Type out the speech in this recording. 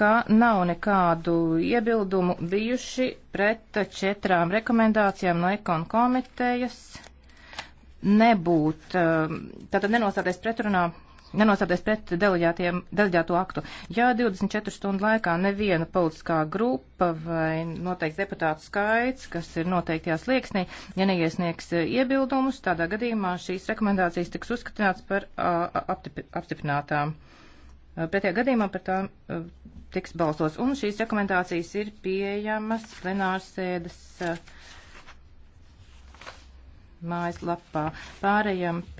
ka nav nekādu iebildumu bijuši pret četrām rekomendācijām no ekon komitejas nebūt, um, tātad nenostāties pretrunā nenostāties pret deleģēto aktu. Ja 24 stundu laikā neviena politiskā grupa vai noteikts deputātu skaits, kas ir noteiktajā slieksnī, ja neiesniegs iebildumus, tādā gadījumā šīs rekomendācijas tiks uzskatīts par apstiprinātām. Pretējā gadījumā par tām tiks balsots. Un šīs rekomendācijas ir pieejamas plenārsēdes uh, mājaslapā. Pārējām